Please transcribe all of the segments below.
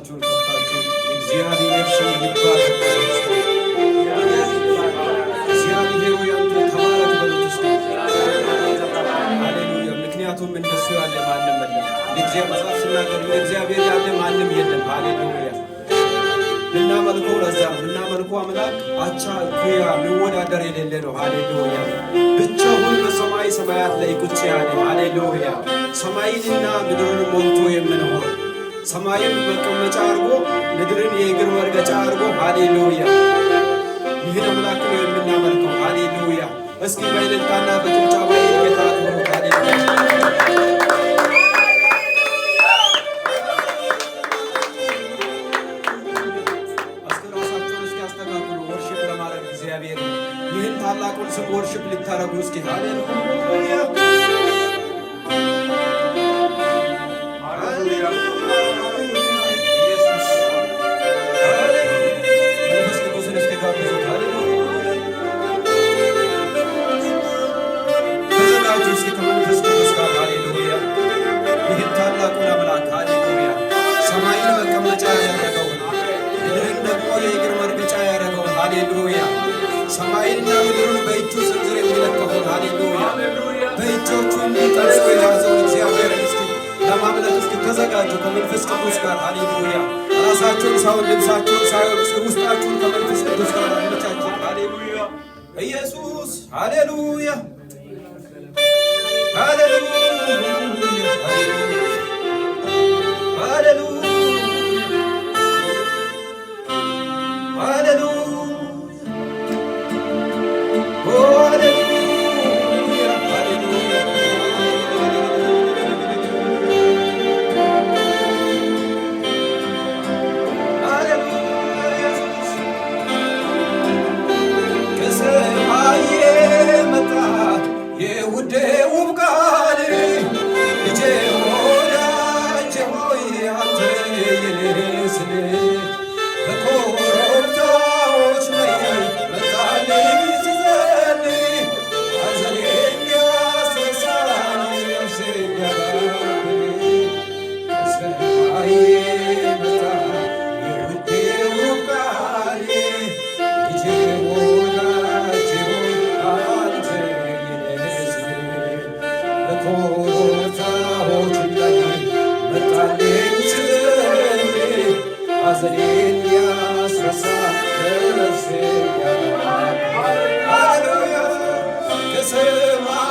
አፋችሁን ከፍታችሁ እግዚአብሔር ስም ይባረክ። እግዚአብሔር ያንተ ተባረክ በሉት ምክንያቱም እንደሱ ያለ ማንም የለም። እግዚአብሔር መጽሐፍ ስናገር እግዚአብሔር ያለ ማንም የለም። አሌሉያ። ልናመልኮ ለዛ ልናመልኮ አምላክ አቻ ኩያ ሊወዳደር የሌለ ነው። ሃሌሉያ ብቻውን በሰማይ ሰማያት ላይ ቁጭ ያለ ሃሌሉያ ሰማይንና ምድሩን ሞልቶ የምንሆን ሰማይን መቀመጫ አድርጎ ምድርን የእግር መርገጫ አድርጎ ሃሌሉያ። ይህን አምላክ ነው የምናመልከው። ሃሌሉያ። እስኪ በእልልታና በጭብጨባ ጌታ ይህን ታላቁን ስም ወርሽፕ ልታረጉ እስኪ ሃሌሉያ ተዘጋጁ ከመንፈስ ቅዱስ ጋር። አሌሉያ። ራሳቸውን ሳይሆን ልብሳቸውን ሳይሆን ውስጣችሁን ከመንፈስ ቅዱስ ጋር አመቻቸው። አሌሉያ። ኢየሱስ አሌሉያ፣ አሌሉያ Say my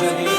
Tanzania.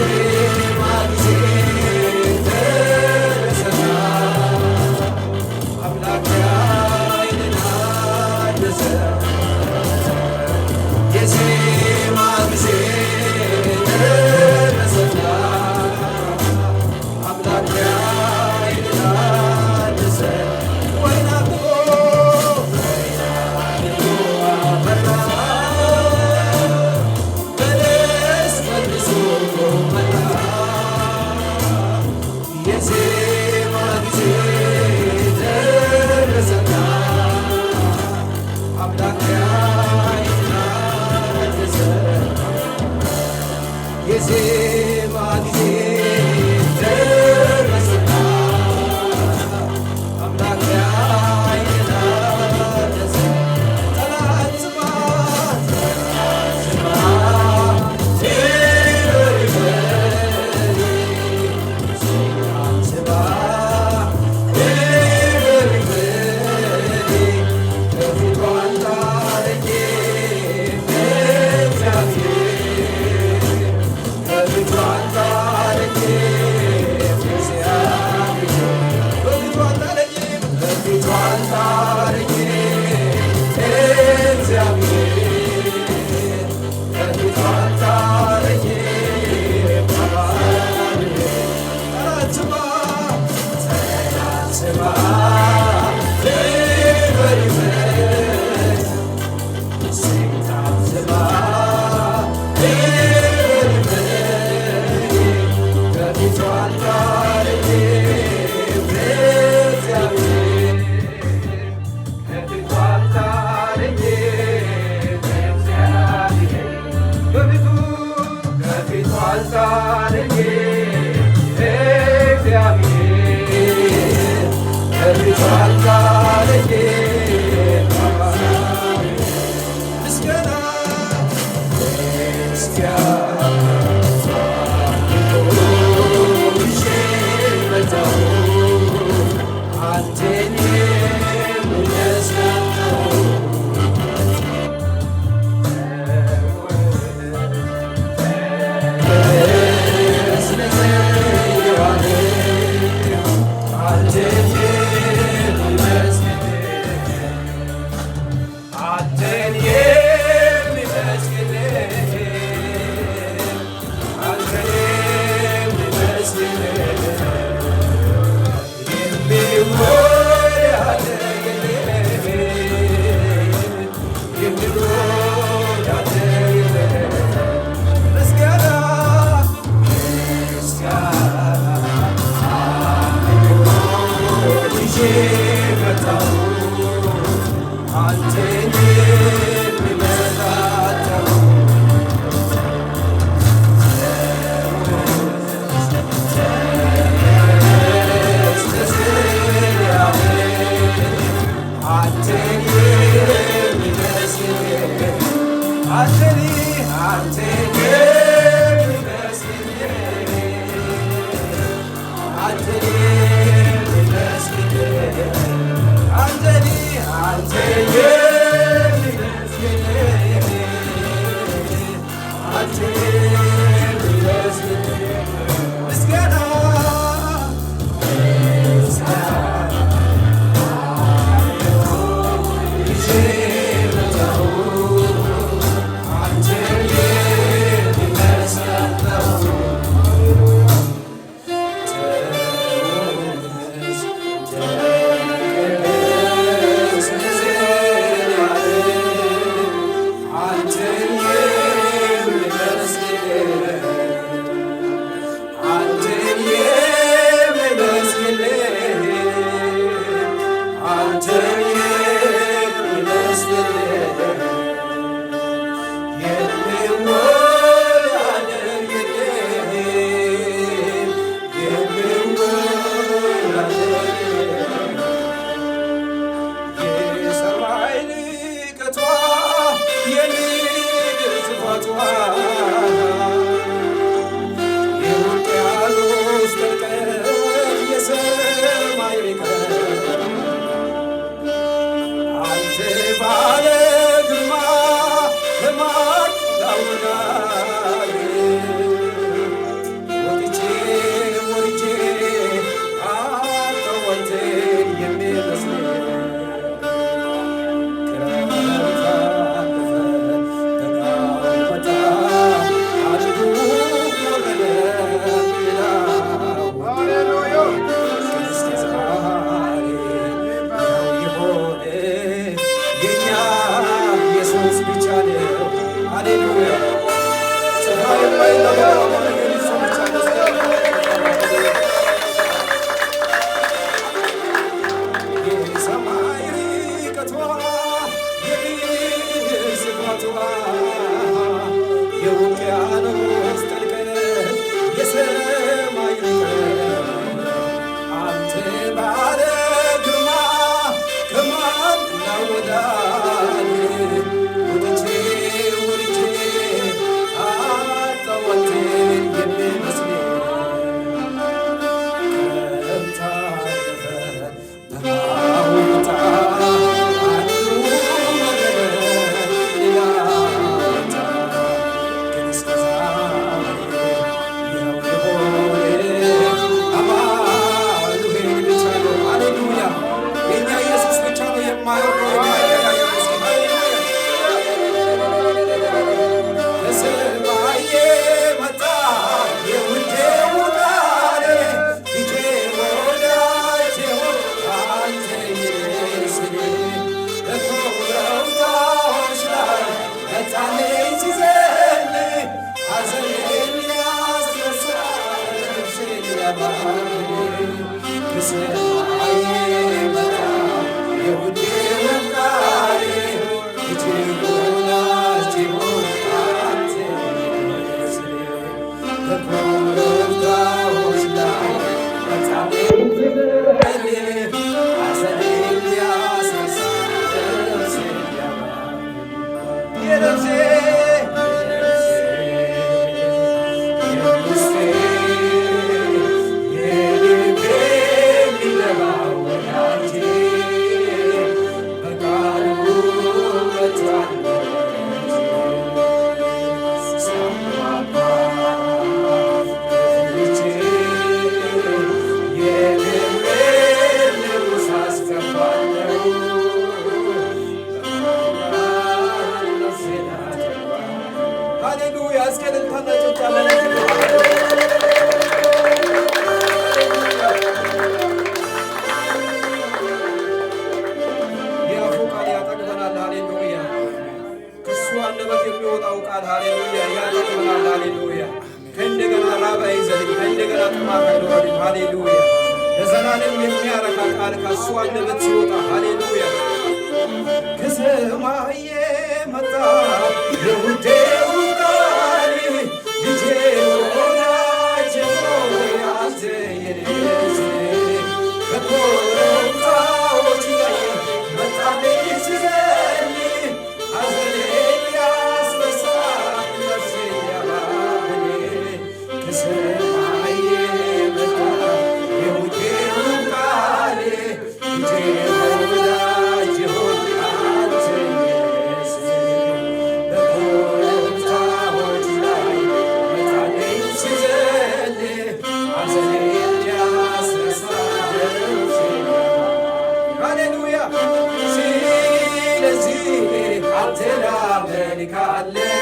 say አለ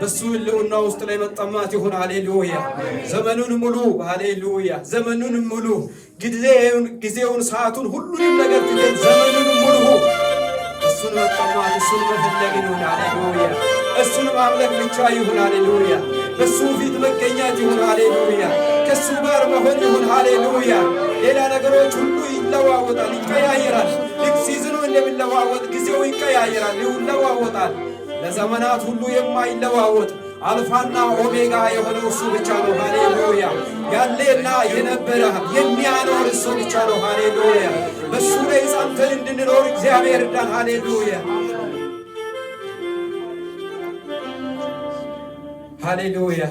በሱ ህልውና ውስጥ ላይ መጠማት ይሁን። ሃሌሉያ! ዘመኑን ሙሉ ሃሌሉያ! ዘመኑን ሙሉ ጊዜውን፣ ሰዓቱን፣ ሁሉንም ነገር ትገን ዘመኑን ሙሉ እሱን መጠማት እሱን መፈለግ ይሁን። ሃሌሉያ! እሱን ማምለክ ብቻ ይሁን። ሃሌሉያ! በሱ ፊት መገኘት ይሁን። ሃሌሉያ! ከእሱ ጋር መሆን ይሁን። ሃሌሉያ! ሌላ ነገሮች ሁሉ ይለዋወጣል፣ ይቀያየራል። ልክ ሲዝኑ እንደሚለዋወጥ ጊዜው ይቀያየራል፣ ይለዋወጣል። ለዘመናት ሁሉ የማይለዋወጥ አልፋና ኦሜጋ የሆነ እሱ ብቻ ነው። ሃሌሉያ! ያለና የነበረ የሚያኖር እሱ ብቻ ነው። ሃሌሉያ! በእሱ ላይ ጸንተን እንድንኖር እግዚአብሔር እርዳን። ሃሌሉያ! ሃሌሉያ!